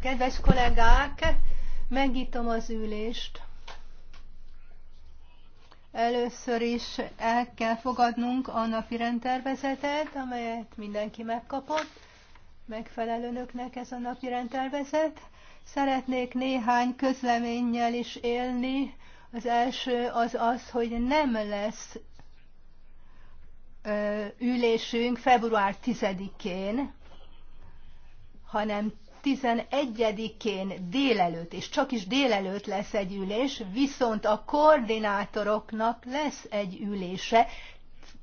Kedves kollégák, megnyitom az ülést. Először is el kell fogadnunk a napi rendtervezetet, amelyet mindenki megkapott. Megfelelőnöknek ez a napi rendtervezet. Szeretnék néhány közleménnyel is élni. Az első az az, hogy nem lesz ülésünk február 10-én, hanem 11-én délelőtt, és csak is délelőtt lesz egy ülés, viszont a koordinátoroknak lesz egy ülése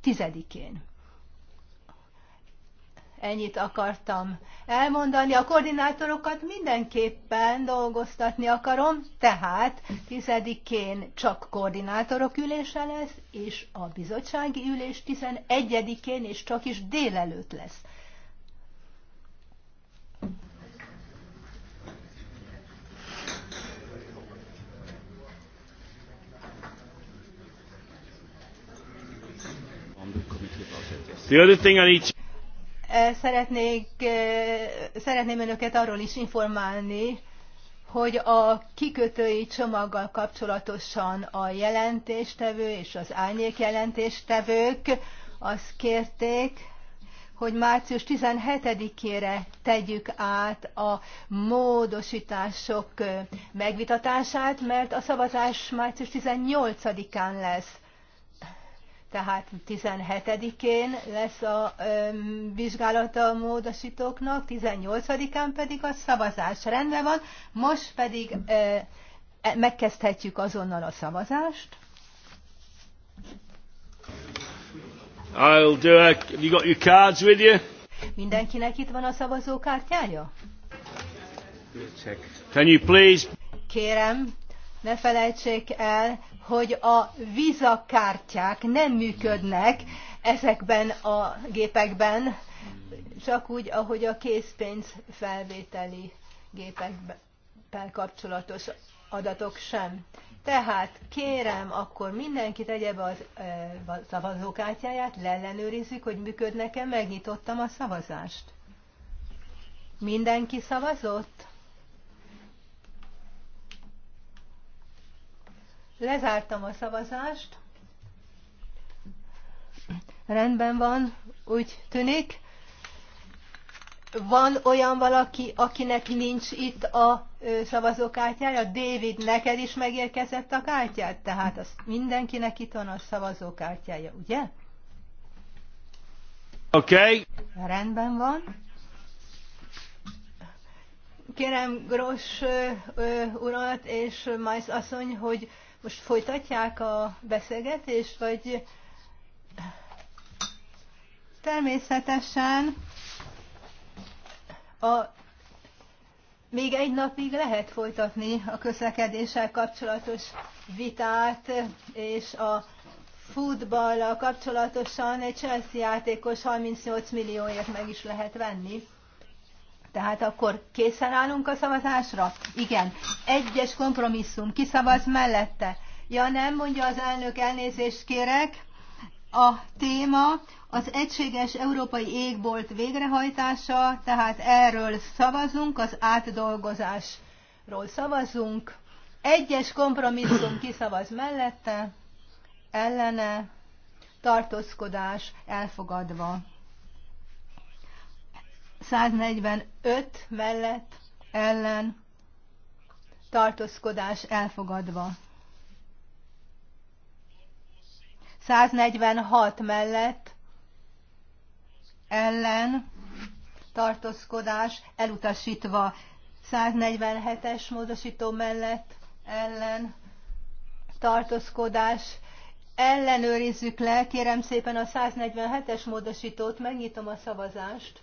10-én. Ennyit akartam elmondani. A koordinátorokat mindenképpen dolgoztatni akarom, tehát tizedikén csak koordinátorok ülése lesz, és a bizottsági ülés 11-én, és csak is délelőtt lesz. The other thing I need Szeretnék, szeretném önöket arról is informálni, hogy a kikötői csomaggal kapcsolatosan a jelentéstevő és az árnyék jelentéstevők azt kérték, hogy március 17-ére tegyük át a módosítások megvitatását, mert a szavazás március 18-án lesz tehát 17-én lesz a vizsgálata a módosítóknak, 18-án pedig a szavazás rendben van, most pedig e, megkezdhetjük azonnal a szavazást. I'll do it. Have you got your cards with you? Mindenkinek itt van a szavazókártyája? Can you please? Kérem, ne felejtsék el hogy a vízakártyák nem működnek ezekben a gépekben, csak úgy, ahogy a készpénz felvételi gépekben kapcsolatos adatok sem. Tehát kérem, akkor mindenki tegye be az e, szavazókártyáját, leellenőrizzük, hogy működnek-e, megnyitottam a szavazást. Mindenki szavazott? Lezártam a szavazást. Rendben van, úgy tűnik. Van olyan valaki, akinek nincs itt a szavazókártyája? David, neked is megérkezett a kártyád? Tehát az mindenkinek itt van a szavazókártyája, ugye? Oké. Okay. Rendben van. Kérem Gross urat és Majsz asszony, hogy most folytatják a beszélgetést, vagy természetesen a még egy napig lehet folytatni a közlekedéssel kapcsolatos vitát, és a futballal kapcsolatosan egy Chelsea játékos 38 millióért meg is lehet venni. Tehát akkor készen állunk a szavazásra? Igen. Egyes kompromisszum. Kiszavaz mellette? Ja nem, mondja az elnök, elnézést kérek. A téma az egységes európai égbolt végrehajtása, tehát erről szavazunk, az átdolgozásról szavazunk. Egyes kompromisszum kiszavaz mellette, ellene, tartózkodás elfogadva. 145 mellett ellen tartózkodás elfogadva. 146 mellett ellen tartózkodás elutasítva. 147-es módosító mellett ellen tartózkodás ellenőrizzük le, kérem szépen a 147-es módosítót, megnyitom a szavazást.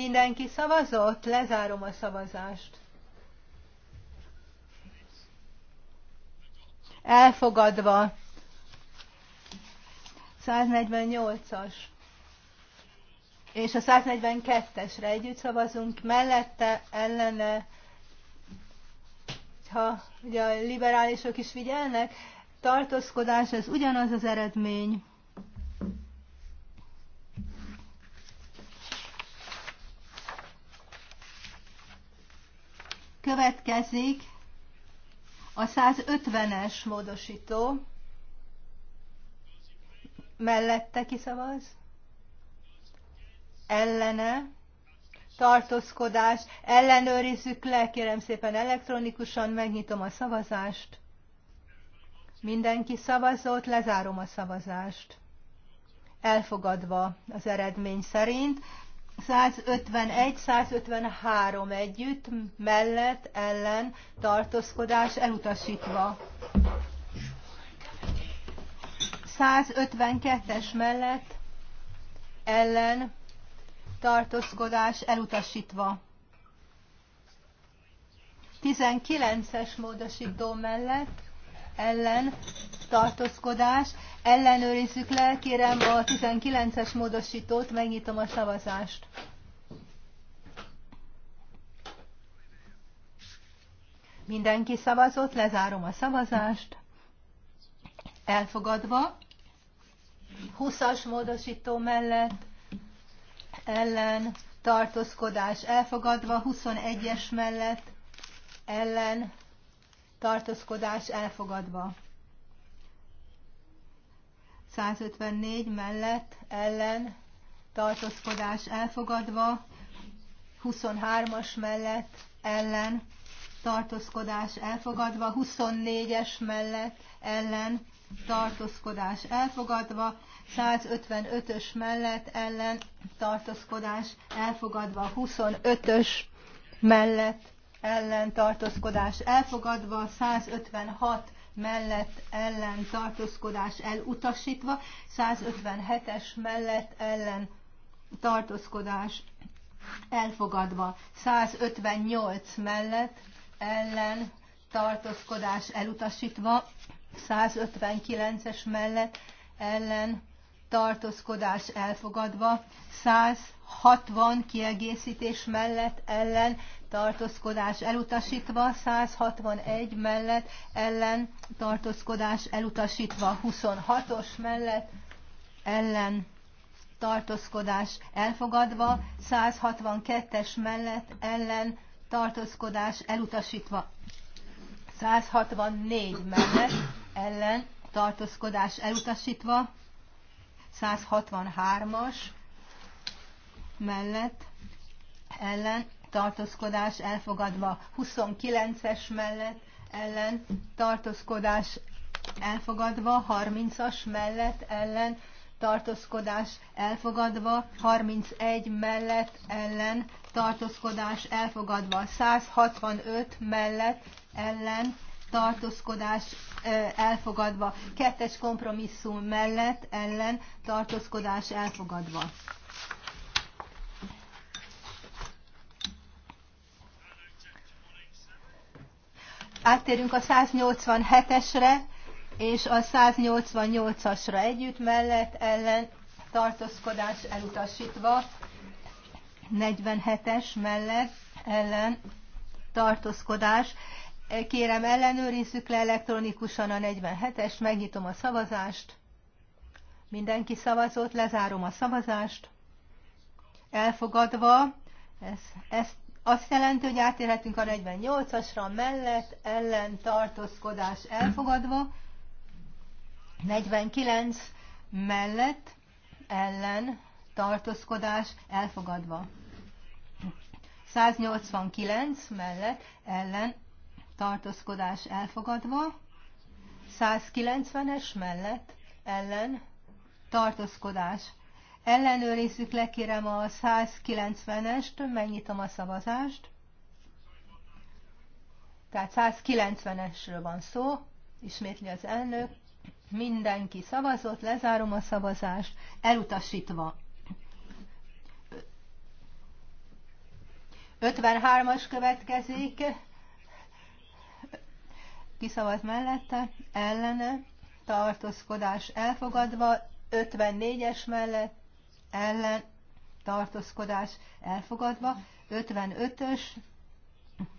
Mindenki szavazott? Lezárom a szavazást. Elfogadva. 148-as. És a 142-esre együtt szavazunk, mellette, ellene, ha ugye a liberálisok is figyelnek, tartózkodás, ez ugyanaz az eredmény. Következik a 150-es módosító. Mellette kiszavaz? Ellene? Tartózkodás. Ellenőrizzük le, kérem szépen elektronikusan, megnyitom a szavazást. Mindenki szavazott, lezárom a szavazást. Elfogadva az eredmény szerint. 151-153 együtt, mellett, ellen, tartózkodás elutasítva. 152-es mellett, ellen, tartózkodás elutasítva. 19-es módosító mellett, ellen tartózkodás. Ellenőrizzük le, kérem a 19-es módosítót, megnyitom a szavazást. Mindenki szavazott, lezárom a szavazást. Elfogadva. 20-as módosító mellett ellen tartózkodás elfogadva, 21-es mellett ellen tartózkodás elfogadva. 154 mellett ellen tartózkodás elfogadva, 23-as mellett ellen tartózkodás elfogadva, 24-es mellett ellen tartózkodás elfogadva, 155-ös mellett ellen tartózkodás elfogadva, 25-ös mellett ellentartózkodás elfogadva, 156 mellett ellentartózkodás elutasítva, 157-es mellett ellentartózkodás elfogadva, 158 mellett ellen tartózkodás elutasítva, 159-es mellett ellen tartózkodás elfogadva, 160 kiegészítés mellett ellen tartózkodás elutasítva, 161 mellett ellen tartózkodás elutasítva, 26-os mellett ellen tartózkodás elfogadva, 162-es mellett ellen tartózkodás elutasítva, 164 mellett ellen tartózkodás elutasítva, 163-as mellett ellen tartózkodás elfogadva. 29-es mellett ellen tartózkodás elfogadva, 30-as mellett ellen tartózkodás elfogadva, 31 mellett ellen tartózkodás elfogadva, 165 mellett ellen tartózkodás elfogadva, kettes kompromisszum mellett ellen tartózkodás elfogadva. Áttérünk a 187-esre és a 188-asra együtt mellett ellen tartózkodás elutasítva, 47-es mellett ellen tartózkodás. Kérem ellenőrizzük le elektronikusan a 47-es, megnyitom a szavazást. Mindenki szavazott, lezárom a szavazást. Elfogadva, ez, ezt azt jelenti, hogy átérhetünk a 48-asra mellett, ellen tartózkodás elfogadva, 49 mellett, ellen tartózkodás elfogadva. 189 mellett, ellen tartózkodás elfogadva, 190-es mellett, ellen tartózkodás Ellenőrizzük le, kérem a 190-est, megnyitom a szavazást. Tehát 190-esről van szó, ismétli az elnök. Mindenki szavazott, lezárom a szavazást, elutasítva. 53-as következik, kiszavaz mellette, ellene, tartózkodás elfogadva, 54-es mellett, ellen tartózkodás elfogadva, 55-ös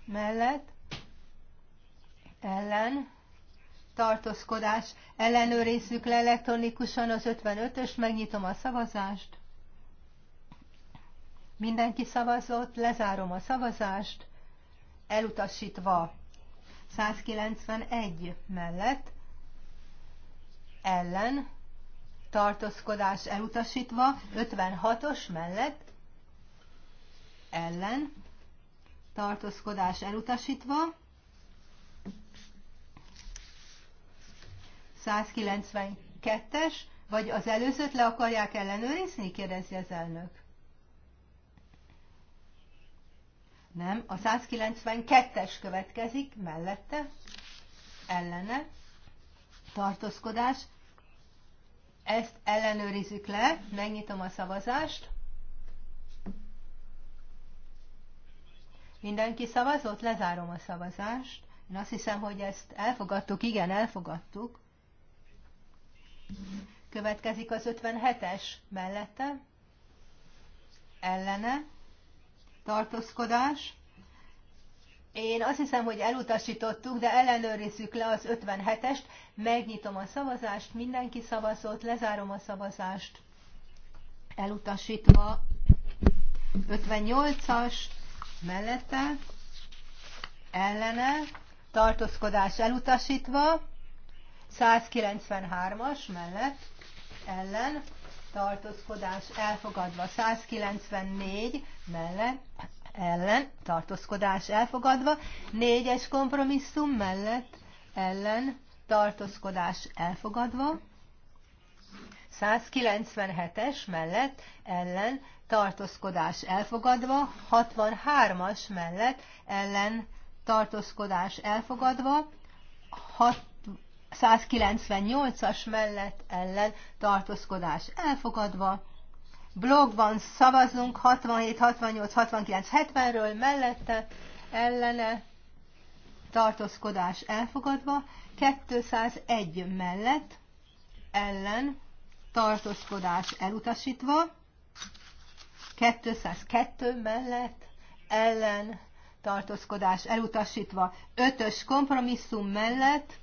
mellett ellen tartózkodás ellenőrizzük le elektronikusan az 55-ös, megnyitom a szavazást. Mindenki szavazott, lezárom a szavazást, elutasítva 191 mellett ellen tartózkodás elutasítva, 56-os mellett ellen tartózkodás elutasítva, 192-es, vagy az előzőt le akarják ellenőrizni? kérdezi az elnök. Nem, a 192-es következik, mellette, ellene, tartózkodás, ezt ellenőrizzük le, megnyitom a szavazást. Mindenki szavazott? Lezárom a szavazást. Én azt hiszem, hogy ezt elfogadtuk, igen, elfogadtuk. Következik az 57-es mellette. Ellene. Tartózkodás. Én azt hiszem, hogy elutasítottuk, de ellenőrizzük le az 57-est. Megnyitom a szavazást, mindenki szavazott, lezárom a szavazást. Elutasítva 58-as mellette, ellene, tartózkodás elutasítva, 193-as mellett, ellen, tartózkodás elfogadva, 194 mellett, ellen, tartózkodás elfogadva, négyes kompromisszum mellett, ellen, tartózkodás elfogadva, 197-es mellett, ellen, tartózkodás elfogadva, 63-as mellett, ellen, tartózkodás elfogadva, 198-as mellett, ellen, tartózkodás elfogadva, blogban szavazunk 67, 68, 69, 70-ről mellette ellene tartózkodás elfogadva, 201 mellett ellen tartózkodás elutasítva, 202 mellett ellen tartózkodás elutasítva, 5-ös kompromisszum mellett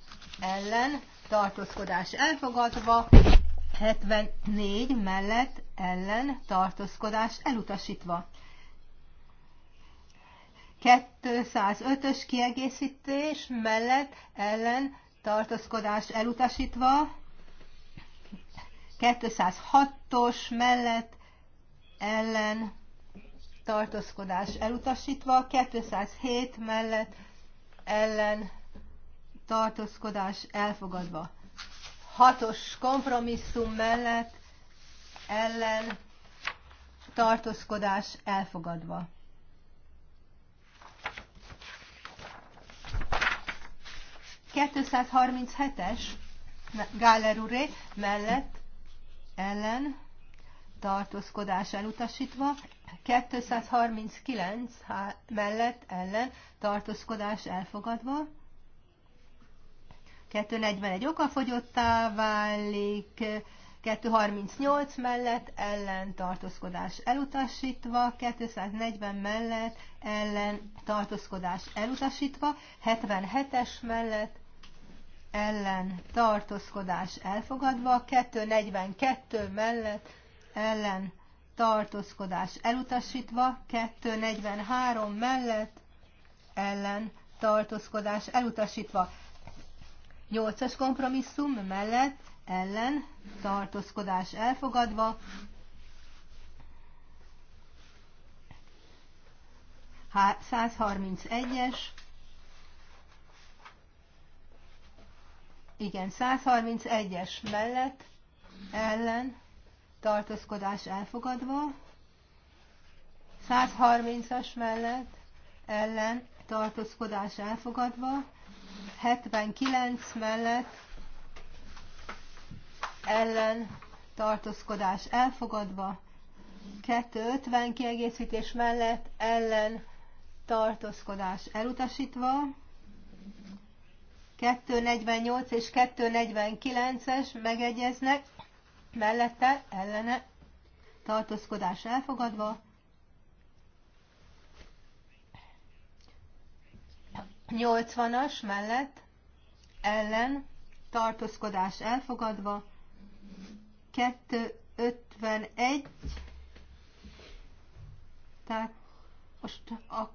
ellen tartózkodás elfogadva, 74 mellett ellen tartózkodás elutasítva. 205-ös kiegészítés mellett ellen tartózkodás elutasítva, 206-os mellett ellen tartózkodás elutasítva, 207 mellett ellen tartózkodás elfogadva. 6-os kompromisszum mellett ellen tartózkodás elfogadva. es Gáler úré mellett ellen tartózkodás elutasítva, 239 mellett ellen tartózkodás elfogadva, 241 fogyottá válik, 238 mellett ellen tartózkodás elutasítva, 240 mellett ellen tartózkodás elutasítva, 77-es mellett ellen tartózkodás elfogadva, 242 mellett ellen tartózkodás elutasítva, 243 mellett ellen tartózkodás elutasítva, 8-as kompromisszum mellett ellen tartózkodás elfogadva, Há 131-es, igen, 131-es mellett ellen tartózkodás elfogadva, 130-as mellett ellen tartózkodás elfogadva, 79 mellett ellen tartózkodás elfogadva, 250 kiegészítés mellett ellen tartózkodás elutasítva, 248 és 249-es megegyeznek, mellette ellene tartózkodás elfogadva, 80-as mellett ellen tartózkodás elfogadva, 251, tehát most a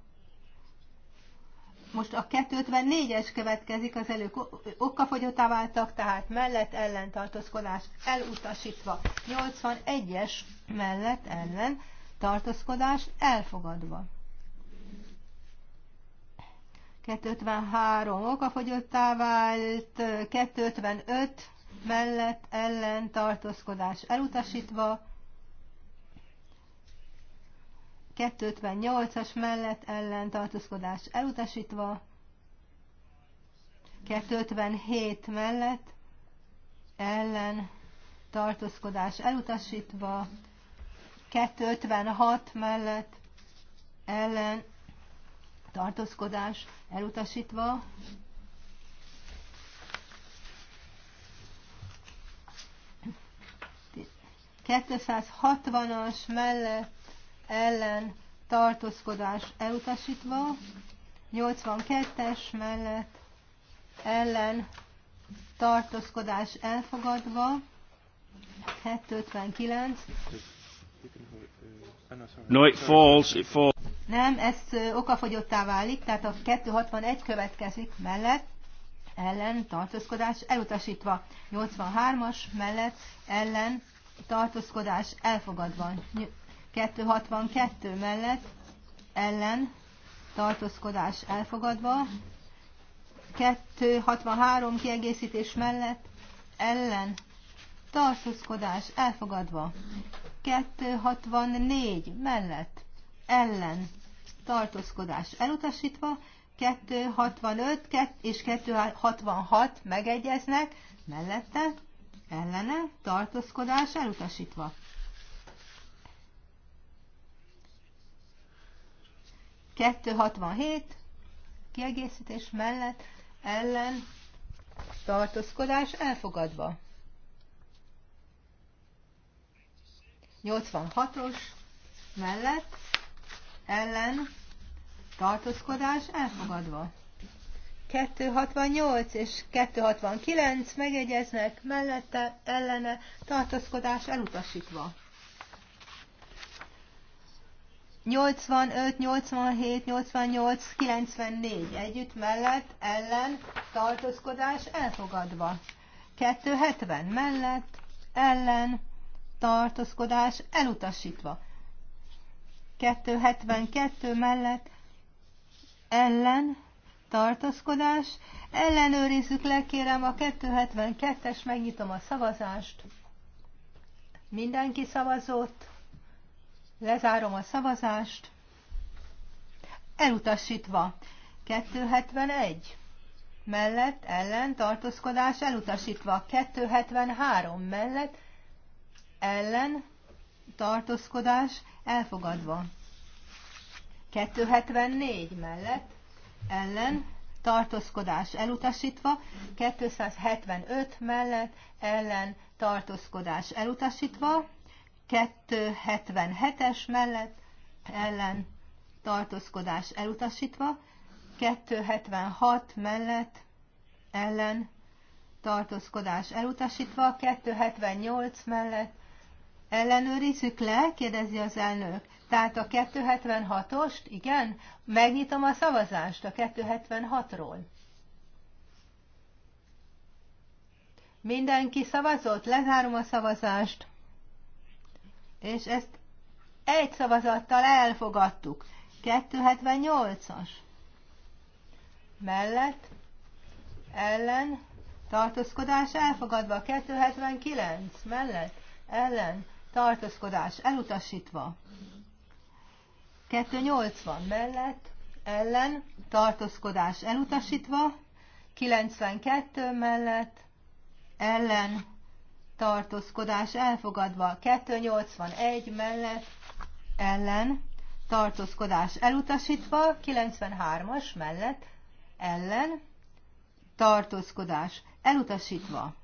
most a 254-es következik, az elők okkafogyottá váltak, tehát mellett ellen tartózkodás elutasítva. 81-es mellett ellen tartózkodás elfogadva. 253 okkafogyottá vált, 255 mellett ellen tartózkodás elutasítva, 258-as mellett ellen tartózkodás elutasítva, 257 mellett ellen tartózkodás elutasítva, 256 mellett ellen tartózkodás elutasítva, 260-as mellett ellen tartózkodás elutasítva, 82-es mellett ellen tartózkodás elfogadva, 759. No, it falls, it falls. Nem, ez okafogyottá válik, tehát a 261 következik mellett ellen tartózkodás elutasítva. 83-as mellett ellen tartózkodás elfogadva. 262 mellett ellen tartózkodás elfogadva. 263 kiegészítés mellett ellen tartózkodás elfogadva. 264 mellett ellen tartózkodás elutasítva. 265 és 266 megegyeznek mellette ellene, tartózkodás elutasítva. Kettő hatvanhét, kiegészítés mellett, ellen, tartózkodás elfogadva. 86-os mellett, ellen, tartózkodás elfogadva. 268 és 269 megegyeznek, mellette, ellene, tartózkodás elutasítva. 85, 87, 88, 94 együtt mellett, ellen, tartózkodás elfogadva. 270 mellett, ellen, tartózkodás elutasítva. 272 mellett, ellen, tartózkodás. Ellenőrizzük le, kérem, a 272-es, megnyitom a szavazást. Mindenki szavazott. Lezárom a szavazást. Elutasítva. 271. Mellett, ellen, tartózkodás elutasítva. 273. Mellett, ellen, tartózkodás elfogadva. 274 mellett ellen, tartózkodás elutasítva, 275 mellett ellen tartózkodás elutasítva, 277-es mellett ellen tartózkodás elutasítva, 276 mellett ellen tartózkodás elutasítva, 278 mellett ellenőrizzük le, kérdezi az elnök. Tehát a 276-ost, igen, megnyitom a szavazást a 276-ról. Mindenki szavazott, lezárom a szavazást, és ezt egy szavazattal elfogadtuk. 278-as. Mellett, ellen, tartózkodás elfogadva. 279 mellett, ellen, tartózkodás elutasítva. 280 mellett ellen tartózkodás elutasítva, 92 mellett ellen tartózkodás elfogadva, 281 mellett ellen tartózkodás elutasítva, 93-as mellett ellen tartózkodás elutasítva.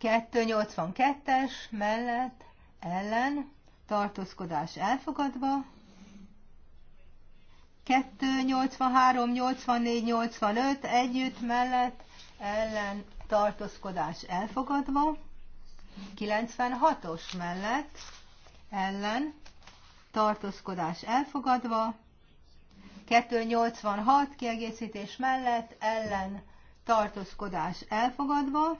282-es mellett ellen tartózkodás elfogadva, 283, 84, 85 együtt mellett ellen tartózkodás elfogadva, 96-os mellett ellen tartózkodás elfogadva, 286 kiegészítés mellett ellen tartózkodás elfogadva,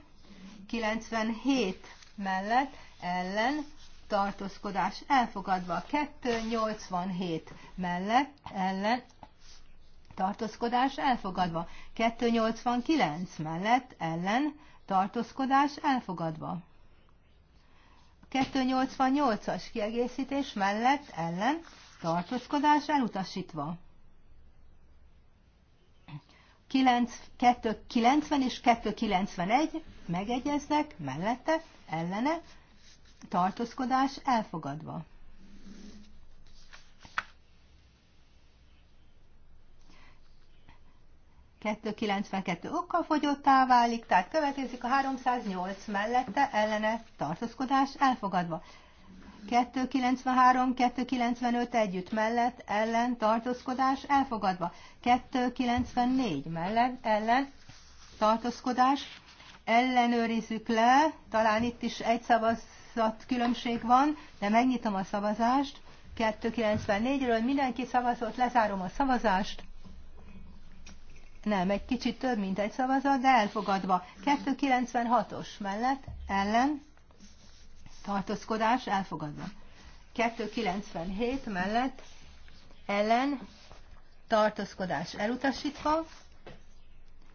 97 mellett ellen tartózkodás elfogadva. 287 mellett ellen tartózkodás elfogadva. 289 mellett ellen tartózkodás elfogadva. 288-as kiegészítés mellett ellen tartózkodás elutasítva. 290 és 291 megegyeznek mellette, ellene, tartózkodás elfogadva. Kettő 92 okkal fogyottá válik, tehát következik a 308 mellette ellene tartózkodás elfogadva. 293, 295 együtt mellett ellen tartózkodás elfogadva. 294 mellett ellen tartózkodás ellenőrizzük le, talán itt is egy szavazat különbség van, de megnyitom a szavazást. 294-ről mindenki szavazott, lezárom a szavazást. Nem, egy kicsit több, mint egy szavazat, de elfogadva. 296-os mellett, ellen, tartózkodás elfogadva. 297 mellett ellen tartózkodás elutasítva,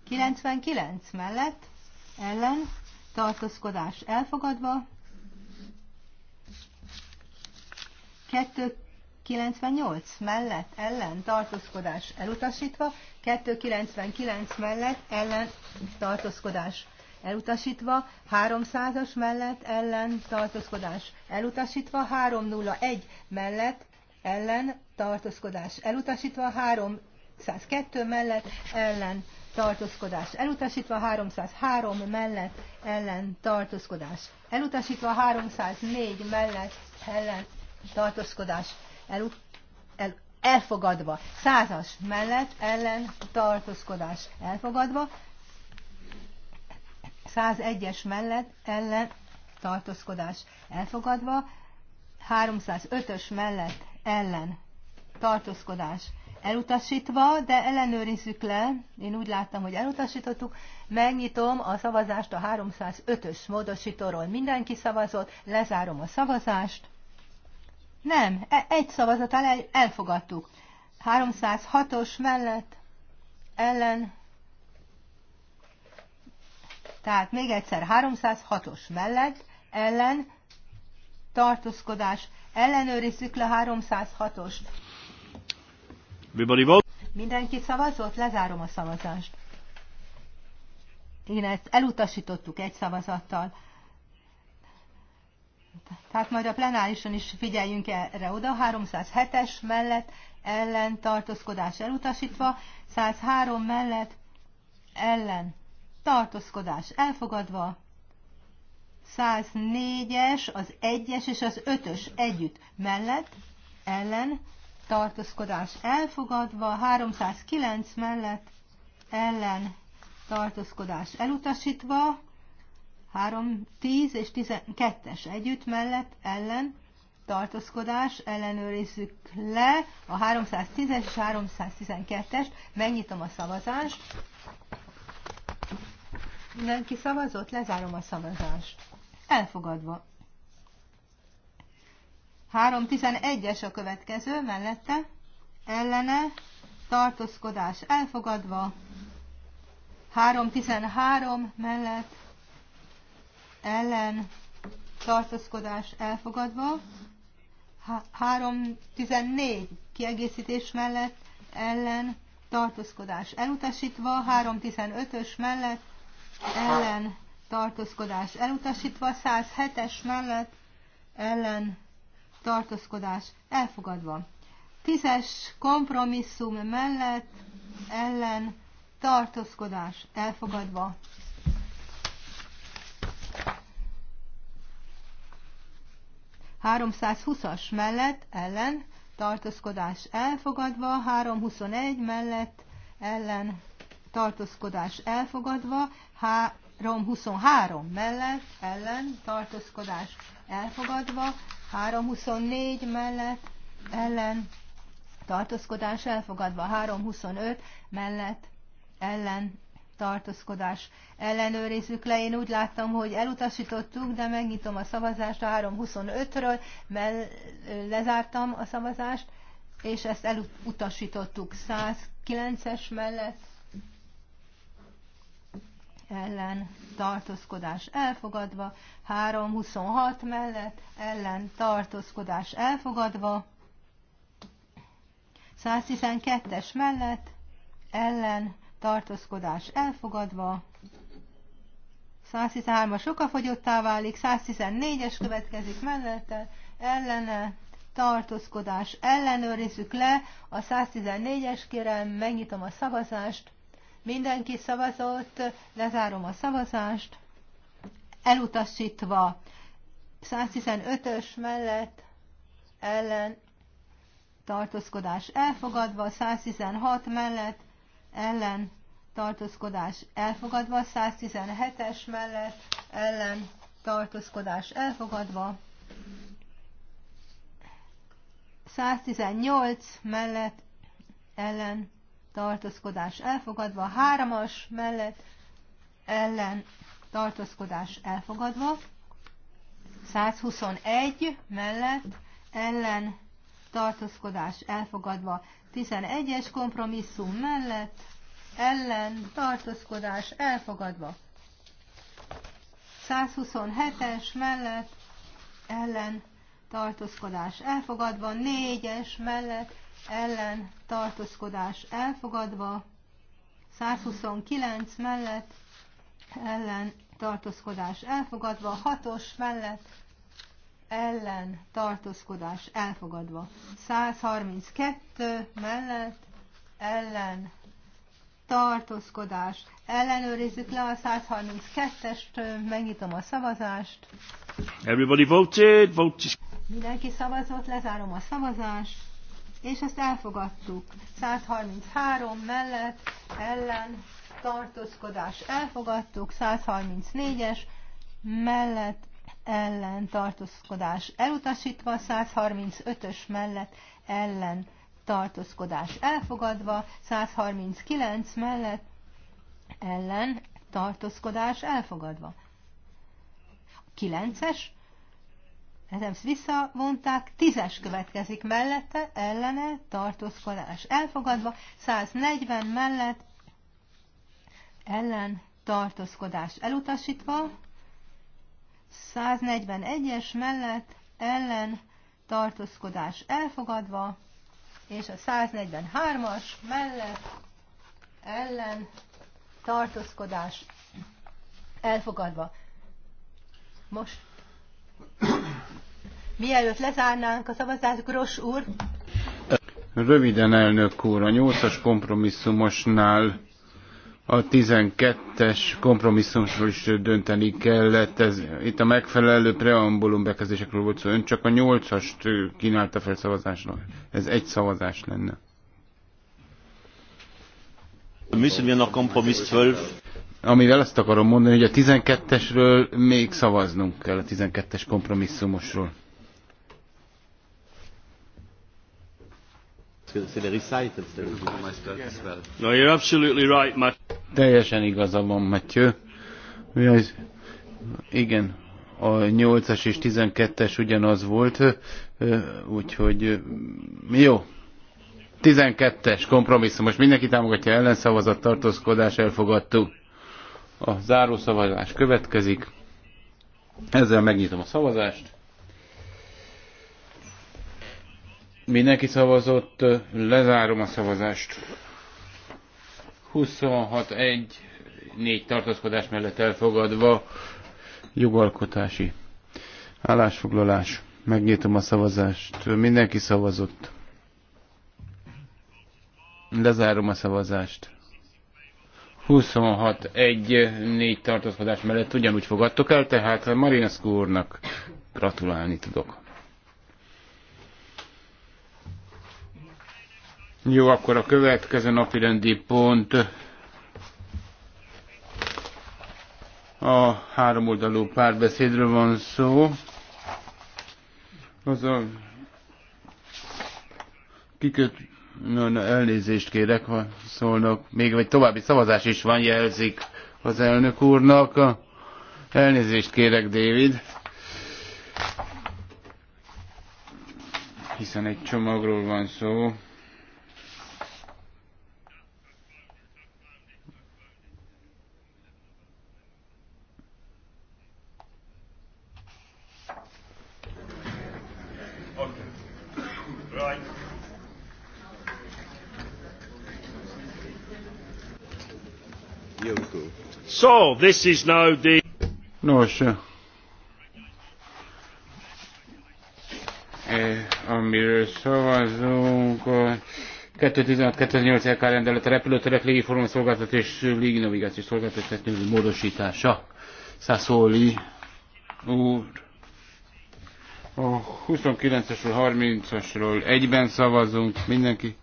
99 mellett ellen tartózkodás elfogadva, 298 mellett ellen tartózkodás elutasítva, 299 mellett ellen tartózkodás elutasítva, 300-as mellett ellen tartózkodás elutasítva, 301 mellett ellen tartózkodás elutasítva, 302 mellett ellen tartózkodás elutasítva, 303 mellett ellen tartózkodás elutasítva, 304 mellett ellen tartózkodás el, elfogadva, 100-as mellett ellen tartózkodás elfogadva, 101-es mellett ellen tartózkodás elfogadva, 305-ös mellett ellen tartózkodás elutasítva, de ellenőrizzük le, én úgy láttam, hogy elutasítottuk, megnyitom a szavazást a 305-ös módosítóról. Mindenki szavazott, lezárom a szavazást. Nem, e- egy szavazattal elfogadtuk. 306-os mellett ellen tehát még egyszer 306-os mellett ellen tartózkodás. Ellenőrizzük le 306 ost Mindenki szavazott? Lezárom a szavazást. Igen, ezt elutasítottuk egy szavazattal. Tehát majd a plenárison is figyeljünk erre oda. 307-es mellett ellen tartózkodás elutasítva, 103 mellett ellen tartózkodás elfogadva, 104-es, az 1-es és az 5-ös együtt mellett, ellen, tartózkodás elfogadva, 309 mellett, ellen, tartózkodás elutasítva, 3, 10 és 12-es együtt mellett, ellen, tartózkodás, ellenőrizzük le a 310-es és 312-est, megnyitom a szavazást, Mindenki szavazott? Lezárom a szavazást. Elfogadva. 3.11-es a következő, mellette, ellene, tartózkodás elfogadva, 3.13 mellett, ellen, tartózkodás elfogadva, 3.14 kiegészítés mellett, ellen, tartózkodás elutasítva, 3.15-ös mellett, ellen tartózkodás elutasítva, 107-es mellett ellen tartózkodás elfogadva. 10-es kompromisszum mellett ellen tartózkodás elfogadva. as mellett ellen tartózkodás elfogadva, 321 mellett ellen tartózkodás elfogadva, 323 mellett ellen tartózkodás elfogadva, 324 mellett ellen tartózkodás elfogadva, 325 mellett ellen tartózkodás. Ellenőrizzük le, én úgy láttam, hogy elutasítottuk, de megnyitom a szavazást a 325-ről, mert lezártam a szavazást, és ezt elutasítottuk 109-es mellett ellen tartózkodás elfogadva, 326 mellett ellen tartózkodás elfogadva, 112-es mellett ellen tartózkodás elfogadva, 113-as sokafogyottá válik, 114-es következik mellette, ellene tartózkodás ellenőrizzük le, a 114-es kérem, megnyitom a szavazást, Mindenki szavazott, lezárom a szavazást, elutasítva 115-ös mellett ellen tartózkodás elfogadva, 116 mellett ellen tartózkodás elfogadva, 117-es mellett ellen tartózkodás elfogadva, 118 mellett ellen tartózkodás elfogadva, hármas mellett ellen tartózkodás elfogadva, 121 mellett ellen tartózkodás elfogadva, 11-es kompromisszum mellett ellen tartózkodás elfogadva, 127-es mellett ellen tartózkodás elfogadva, 4-es mellett ellen tartózkodás elfogadva, 129 mellett ellen tartózkodás elfogadva, 6-os mellett ellen tartózkodás elfogadva, 132 mellett ellen tartózkodás. Ellenőrizzük le a 132-est, megnyitom a szavazást. Everybody voted, voted. Mindenki szavazott, lezárom a szavazást és ezt elfogadtuk. 133 mellett ellen tartózkodás elfogadtuk, 134-es mellett ellen tartózkodás elutasítva, 135-ös mellett ellen tartózkodás elfogadva, 139 mellett ellen tartózkodás elfogadva. 9-es nem visszavonták, tízes következik mellette, ellene, tartózkodás elfogadva, 140 mellett, ellen, tartózkodás elutasítva, 141-es mellett, ellen, tartózkodás elfogadva, és a 143-as mellett, ellen, tartózkodás elfogadva. Most Mielőtt lezárnánk a szavazás, Gros úr. Röviden, elnök úr, a 8-as kompromisszumosnál a 12-es kompromisszumosról is dönteni kellett. Ez, itt a megfelelő preambulum bekezdésekről volt szó. Ön csak a 8-ast kínálta fel szavazásra. Ez egy szavazás lenne. Amivel azt akarom mondani, hogy a 12-esről még szavaznunk kell, a 12-es kompromisszumosról. No, you're absolutely right, Matt. Teljesen igaza van, Matthew. Igen, a 8-as és 12-es ugyanaz volt, úgyhogy jó. 12-es kompromisszum, most mindenki támogatja ellenszavazat, tartózkodás, elfogadtuk. A zárószavazás következik. Ezzel megnyitom a szavazást. Mindenki szavazott, lezárom a szavazást. 26-1, 4 tartózkodás mellett elfogadva jogalkotási állásfoglalás. Megnyitom a szavazást. Mindenki szavazott. Lezárom a szavazást. 26-1-4 tartózkodás mellett ugyanúgy fogadtok el, tehát Marina úrnak gratulálni tudok. Jó, akkor a következő napi rendi pont a háromoldalú párbeszédről van szó. Az a kiköt... Na, na, elnézést kérek, ha szólnak. Még egy további szavazás is van, jelzik az elnök úrnak. Elnézést kérek, David. Hiszen egy csomagról van szó. So, oh, this is now the... Nos, eh, amiről szavazunk, 2016-2008 eh, LK rendelet a repülőterek légiforma szolgáltat és szolgáltat szolgáltatás módosítása. Szászóli úr. A 29-esről, 30-asról egyben szavazunk, mindenki,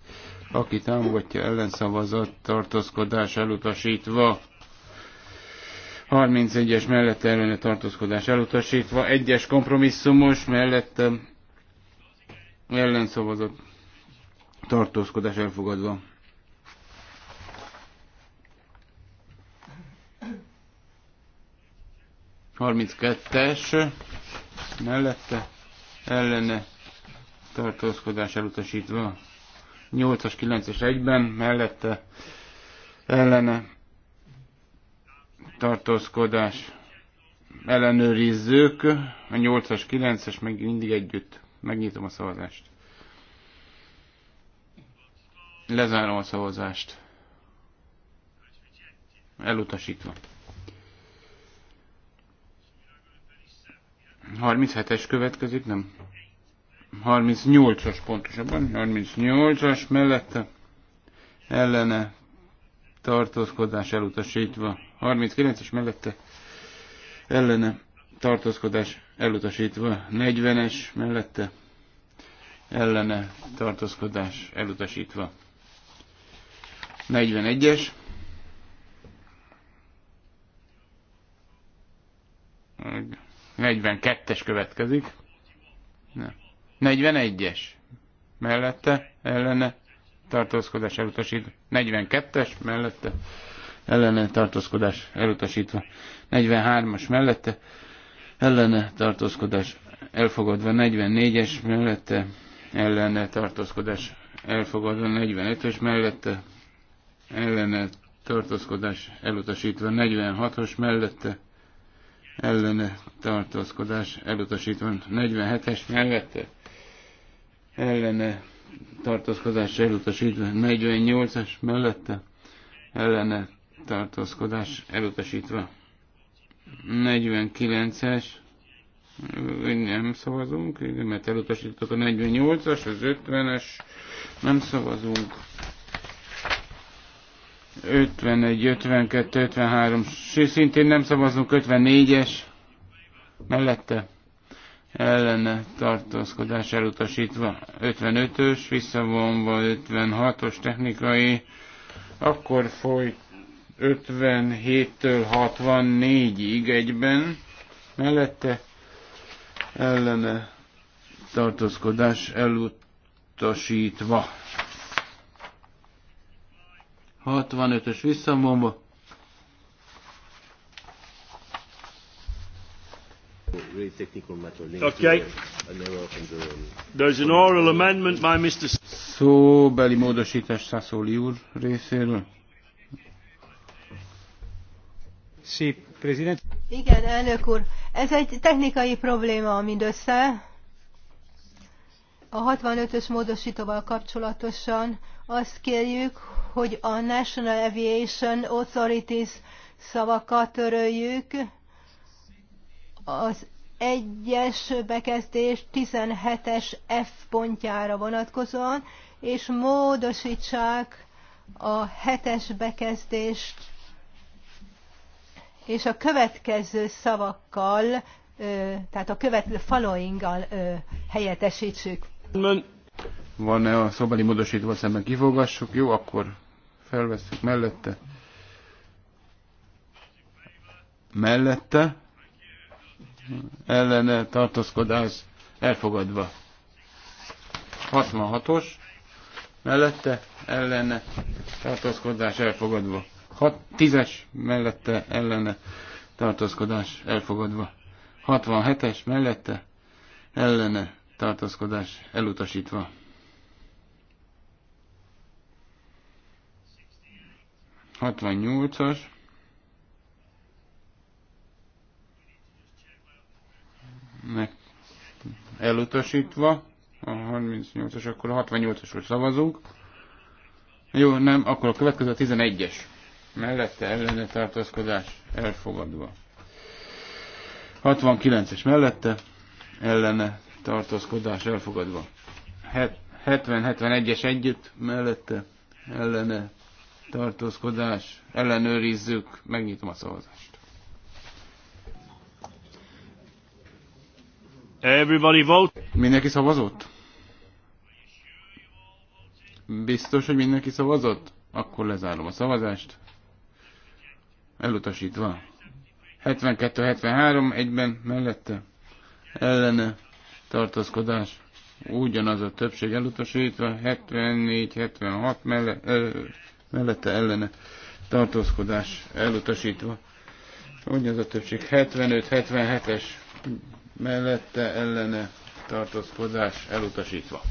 aki támogatja ellenszavazat, tartózkodás elutasítva. 31-es mellett ellene tartózkodás elutasítva, 1-es kompromisszumos mellett ellenszavazat tartózkodás elfogadva. Harminckettes mellette ellene tartózkodás elutasítva. 8-as, 9-es egyben mellette ellene tartózkodás ellenőrizzük. A 8-as, 9-es meg mindig együtt. Megnyitom a szavazást. Lezárom a szavazást. Elutasítva. 37-es következik, nem? 38-as pontosabban. 38-as mellette ellene tartózkodás elutasítva. 39-es mellette ellene tartózkodás elutasítva, 40-es mellette ellene tartózkodás elutasítva. 41-es. Meg 42-es következik. Nem. 41-es. Mellette, ellene, tartózkodás elutasítva, 42-es, mellette, ellene tartózkodás elutasítva. 43-as mellette ellene tartózkodás elfogadva. 44-es mellette ellene tartózkodás elfogadva. 45-ös mellette ellene tartózkodás elutasítva. 46-os mellette ellene tartózkodás elutasítva. 47-es mellette ellene tartózkodás elutasítva, 48-as mellette ellene tartózkodás elutasítva. 49-es, nem szavazunk, mert elutasítottak a 48-as, az 50-es, nem szavazunk. 51, 52, 53, szintén nem szavazunk, 54-es, mellette ellene tartózkodás elutasítva 55-ös, visszavonva 56-os technikai, akkor folyt 57-től 64-ig egyben, mellette ellene tartózkodás elutasítva. 65-ös visszavonva. Okay. Mr. Szóbeli módosítás Szaszóli úr részéről. Igen, elnök úr. Ez egy technikai probléma mindössze. A 65-ös módosítóval kapcsolatosan azt kérjük, hogy a National Aviation Authorities szavakat töröljük. Az egyes bekezdés 17-es F pontjára vonatkozóan, és módosítsák a hetes bekezdést és a következő szavakkal, tehát a következő following helyettesítsük. Van-e a szobali módosítóval szemben kifogassuk? Jó, akkor felveszünk mellette. Mellette ellene tartózkodás elfogadva. 66-os mellette ellene tartózkodás elfogadva. Hat, tízes mellette ellene tartózkodás elfogadva. 67-es mellette ellene tartózkodás elutasítva. Hatvannyolcas. Meg elutasítva. A 38-as, akkor a 68-asról szavazunk. Jó, nem, akkor a következő a 11-es mellette ellene tartózkodás elfogadva. 69-es mellette ellene tartózkodás elfogadva. 70-71-es együtt mellette ellene tartózkodás, ellenőrizzük, megnyitom a szavazást. Everybody vote. Mindenki szavazott? Biztos, hogy mindenki szavazott? Akkor lezárom a szavazást elutasítva. 72-73 egyben mellette ellene tartózkodás ugyanaz a többség elutasítva, 74-76 melle, mellette ellene tartózkodás elutasítva. Ugyanaz a többség 75-77-es mellette ellene tartózkodás elutasítva.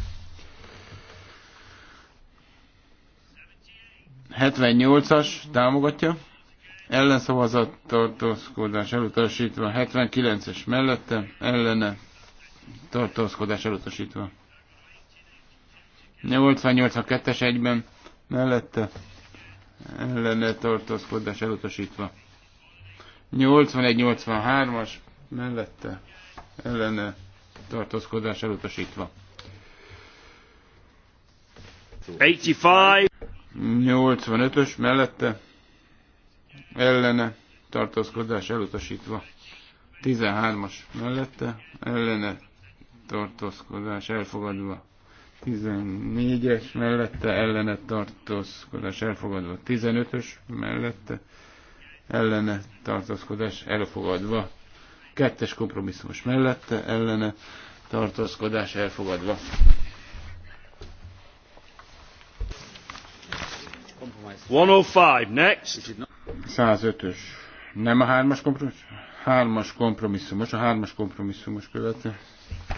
78-as támogatja ellenszavazat tartózkodás elutasítva, 79-es mellette ellene tartózkodás elutasítva. 80-82-es egyben mellette ellene tartózkodás elutasítva. 81-83-as mellette ellene tartózkodás elutasítva. 85-ös mellette ellene tartózkodás elutasítva. 13-as mellette ellene tartózkodás elfogadva. 14-es mellette ellene tartózkodás elfogadva. 15-ös mellette ellene tartózkodás elfogadva. Kettes kompromisszumos mellette ellene tartózkodás elfogadva. One o oh five next. 105-ös. Nem a hármas kompromisszum? Hármas kompromisszumos, a hármas kompromisszumos követő.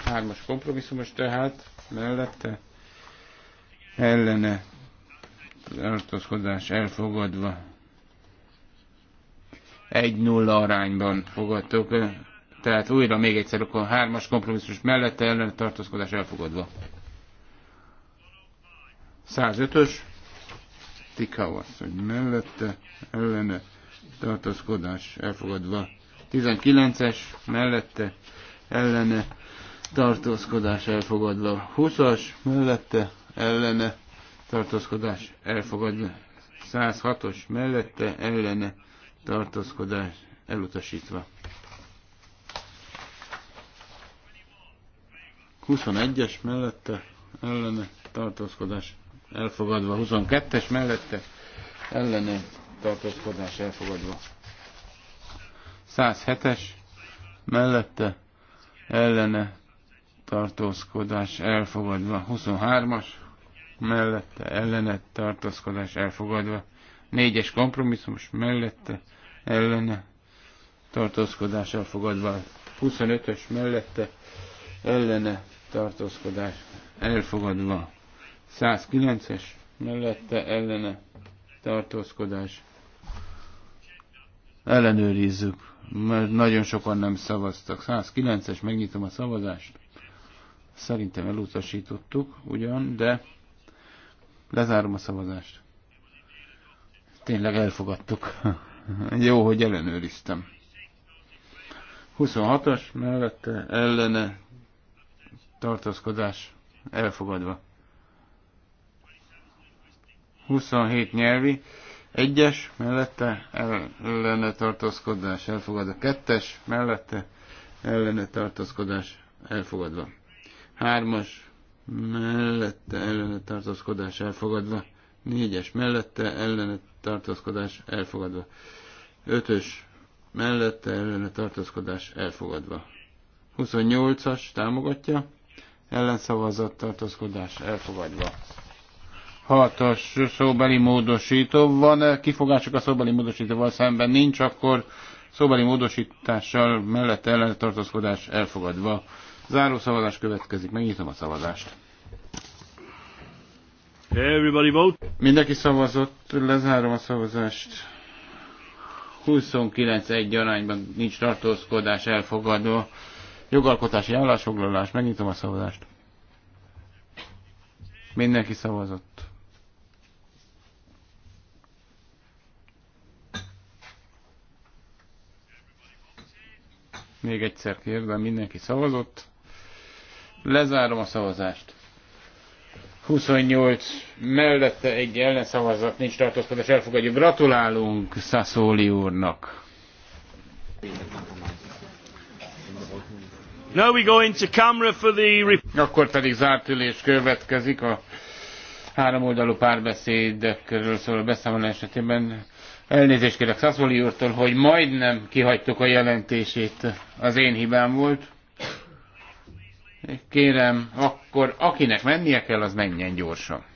Hármas kompromisszumos tehát, mellette ellene tartozkodás elfogadva. 1-0 arányban fogadtok. Tehát újra még egyszer, akkor hármas kompromisszumos mellette ellene tartózkodás elfogadva. 105-ös Tikau asszony mellette, ellene tartózkodás elfogadva. 19-es mellette, ellene tartózkodás elfogadva. 20-as mellette, ellene tartózkodás elfogadva. 106-os mellette, ellene tartózkodás elutasítva. 21-es mellette ellene tartózkodás elfogadva, 22-es mellette ellene tartózkodás elfogadva. 107-es mellette ellene tartózkodás elfogadva. 23-as mellette ellene tartózkodás elfogadva. 4-es kompromisszumos mellette ellene tartózkodás elfogadva. 25-ös mellette ellene tartózkodás elfogadva. 109-es mellette ellene tartózkodás. Ellenőrizzük, mert nagyon sokan nem szavaztak. 109-es, megnyitom a szavazást. Szerintem elutasítottuk ugyan, de lezárom a szavazást. Tényleg elfogadtuk. Jó, hogy ellenőriztem. 26-as mellette ellene tartózkodás elfogadva. 27 nyelvi, egyes mellette ellene tartózkodás elfogadva, kettes mellette ellene tartózkodás elfogadva, hármas mellette ellene tartózkodás elfogadva, négyes mellette ellene tartózkodás elfogadva, ötös mellette ellene tartózkodás elfogadva. 28-as támogatja, ellenszavazat tartózkodás elfogadva. Hatos szóbeli módosító van. Kifogások a szóbeli módosítóval szemben nincs, akkor szóbeli módosítással mellett ellen elfogadva. Záró szavazás következik. Megnyitom a szavazást. Everybody vote. Mindenki szavazott, lezárom a szavazást. 29-1 arányban nincs tartózkodás elfogadó. Jogalkotási állásfoglalás, megnyitom a szavazást. Mindenki szavazott. Még egyszer kérdem, mindenki szavazott. Lezárom a szavazást. 28 mellette egy ellenszavazat, nincs tartózkodás, elfogadjuk. Gratulálunk Szaszóli úrnak. Now we go into camera for the... Akkor pedig zárt ülés következik a háromoldalú párbeszédekről szóló beszámolás esetében. Elnézést kérek Sassoli úrtól, hogy majdnem kihagytuk a jelentését. Az én hibám volt. Kérem, akkor akinek mennie kell, az menjen gyorsan.